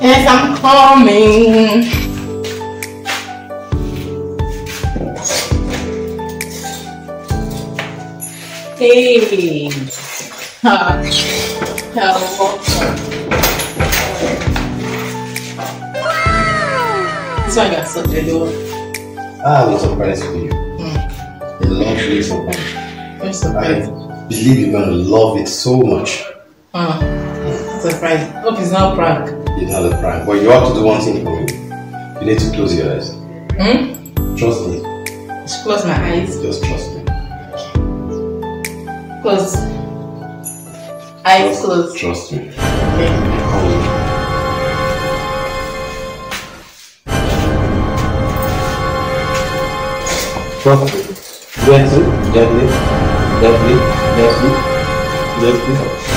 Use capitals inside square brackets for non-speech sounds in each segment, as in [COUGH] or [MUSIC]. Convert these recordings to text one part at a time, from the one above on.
as I'm coming. Hey, uh, hello. Wow. This one got such a door. Ah, I was surprise for you. Mm. A long way for me. I'm believe you're gonna love it so much. Uh, surprise. Hope it's not prank is not a crime. But you have to do one thing for me. You need to close your eyes. Hmm? Trust me. Just close my eyes. Just trust me. Close. Eyes closed. Trust me. Okay. Trust me. Gently, gently, gently, gently, gently.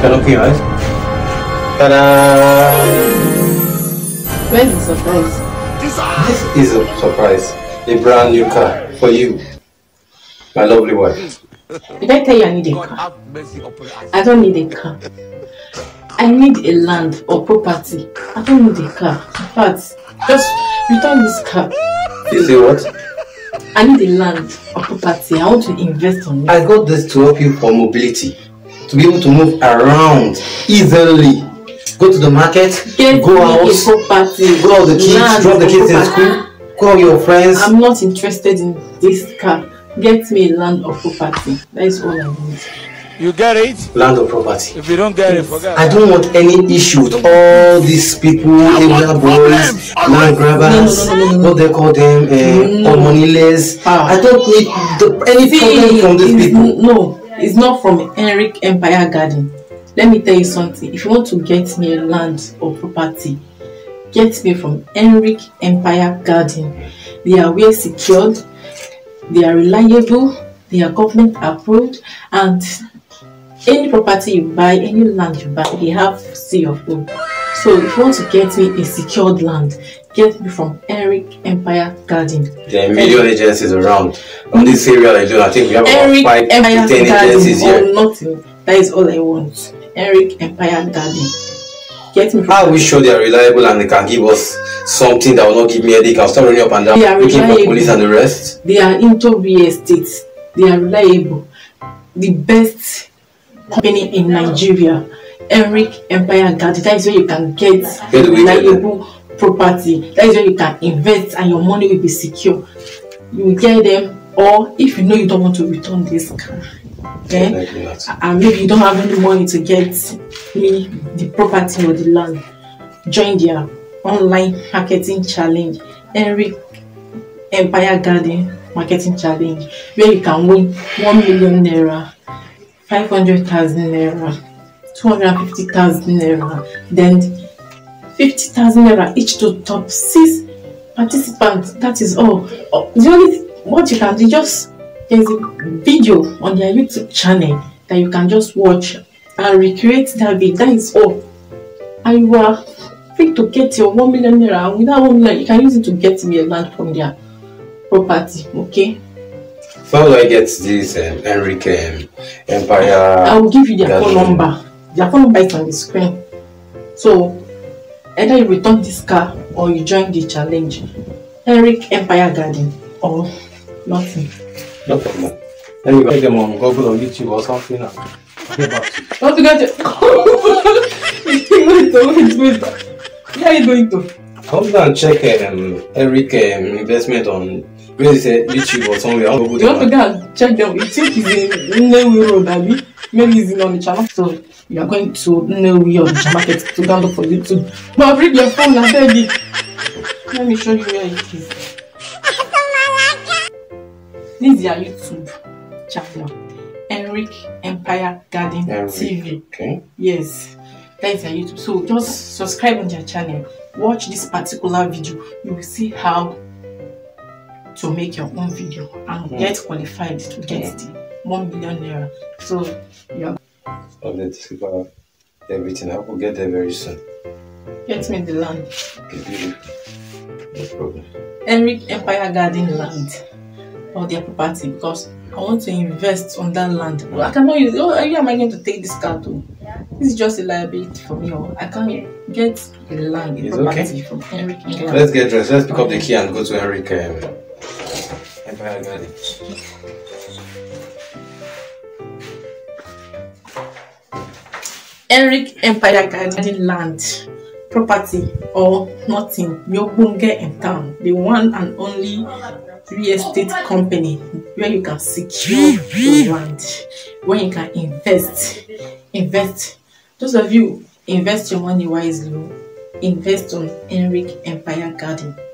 Hello, guys. Ta-da! Where's the surprise? This is a surprise. A brand new car for you, my lovely wife. Did I tell you I need a car? I don't need a car. I need a land or property. I don't need a car. But just return this car. You say what? I need a land or property. I want to invest on it. I got this to help you for mobility. to be able to move around easily go to the market Get go out go out the kids nah, drop the kids in school call your friends. i'm not interested in this car get me a land of property that is all i need. You get it? Land of property. If you don't get yes. it, forget. I don't want any issue with all these people, area boys, land grabbers, no, no, no, no, no. what they call them, uh, eh, um, or moneyless. Ah. I don't need the, any problem from these people. No, is not from Henrik Empire Garden. Let me tell you something. If you want to get me a land or property, get me from Henrik Empire Garden. They are well secured, they are reliable, they are government approved, and any property you buy, any land you buy, they have sea of O. So if you want to get me a secured land, get me from Eric Empire Garden. There are million agencies around. On this area alone, I think we have Eric about five Empire to ten Garden agencies here. Nothing. That is all I want. Eric Empire Garden. Get me from Are we sure they are reliable and they can give us something that will not give me a headache? I'll start running up and down looking for police and the rest. They are into real estate. They are reliable. The best company in Nigeria. Eric Empire Garden. That is where you can get reliable property. That is where you can invest and your money will be secure. You will get them, or if you know you don't want to return this car, okay, and maybe you don't have any money to get me the property or the land, join their online marketing challenge. Eric Empire Garden marketing challenge where you can win 1 million naira, 500,000 naira, 250,000 naira, then 50,000 naira each to top six participants. That is all. Oh, the only what you can do just there's a video on their YouTube channel that you can just watch and recreate that video. That is all. And you are free to get your 1 million naira. And with that 1 million, you can use it to get me a land from their property. Okay? How do I get this um, Enrique um, Empire? I will give you their phone number. Their phone number is on the screen. So either you return this car or you join the challenge. Eric Empire Garden or nothing. No problem. Then you take them on Google or YouTube or something and get back [LAUGHS] to you. What you got to wait, wait, wait. Where are you going to? Come down and check um, Eric um, investment on where is it, YouTube or somewhere. I'll go you want to go and check them? It seems he's in Nnewi Road, Maybe he's in on the channel. So you are going to nail your market to download for you too. But bring your phone and beg Let me show you where it is. This is your YouTube channel, Enric Empire Garden Enric. TV. Okay. Yes, that is your YouTube. So just subscribe on their channel. Watch this particular video. You will see how to make your own video and mm. get qualified to get mm. the one naira. So, yeah of the silver, everything. I will get there very soon. Get me the land. Okay, no problem. Enric Empire Garden land or their property because I want to invest on that land. Well, I cannot use. Oh, how am I going to take this car too? This is just a liability for me. Oh, I can't get the land, the it's property okay. from Enric Let's get dressed. Let's pick up the key and go to Enric um, Empire Garden. Eric Empire Garden Land property or nothing Yogbonge in town the one and only real estate company where you can secure your land where you can invest invest those of you invest your money wisely invest on Enric Empire Garden